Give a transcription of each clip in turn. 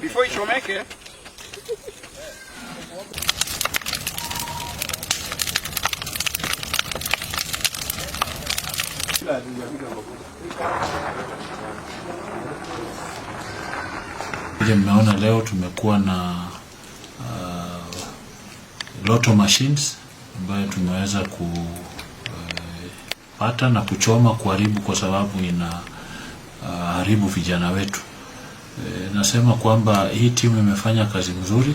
Before ichomeke Mmeona leo tumekuwa na uh, loto machines ambayo tumeweza kupata uh, na kuchoma kuharibu, kwa sababu ina uh, haribu vijana wetu. E, nasema kwamba hii timu imefanya kazi mzuri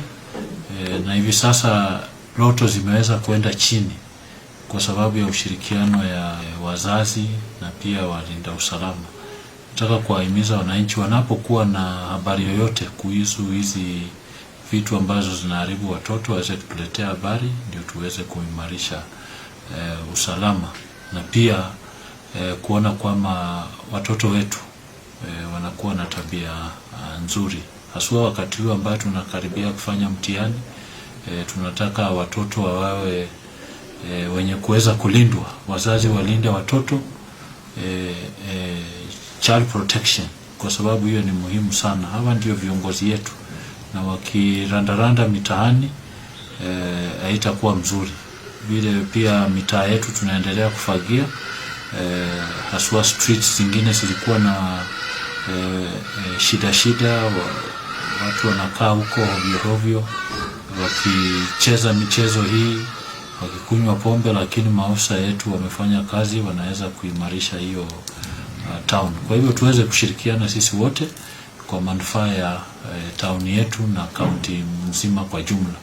e, na hivi sasa loto zimeweza kwenda chini kwa sababu ya ushirikiano ya wazazi na pia walinda usalama. Nataka kuwahimiza wananchi wanapokuwa na habari yoyote kuhusu hizi vitu ambazo zinaharibu watoto waweze kutuletea habari, ndio tuweze kuimarisha e, usalama na pia e, kuona kwamba watoto wetu wanakuwa na tabia ah, nzuri haswa wakati huu ambao tunakaribia kufanya mtihani e, tunataka watoto wawe e, eh, wenye kuweza kulindwa. Wazazi walinde watoto e, e, child protection, kwa sababu hiyo ni muhimu sana. Hawa ndio viongozi yetu, na wakirandaranda mitaani haitakuwa e, mzuri. Vile pia mitaa yetu tunaendelea kufagia e, haswa streets zingine zilikuwa na Eh, eh, shida shida watu wanakaa huko hovyohovyo wakicheza michezo hii wakikunywa pombe, lakini maafisa yetu wamefanya kazi, wanaweza kuimarisha hiyo uh, town. Kwa hivyo tuweze kushirikiana sisi wote kwa manufaa ya uh, town yetu na kaunti mzima kwa jumla.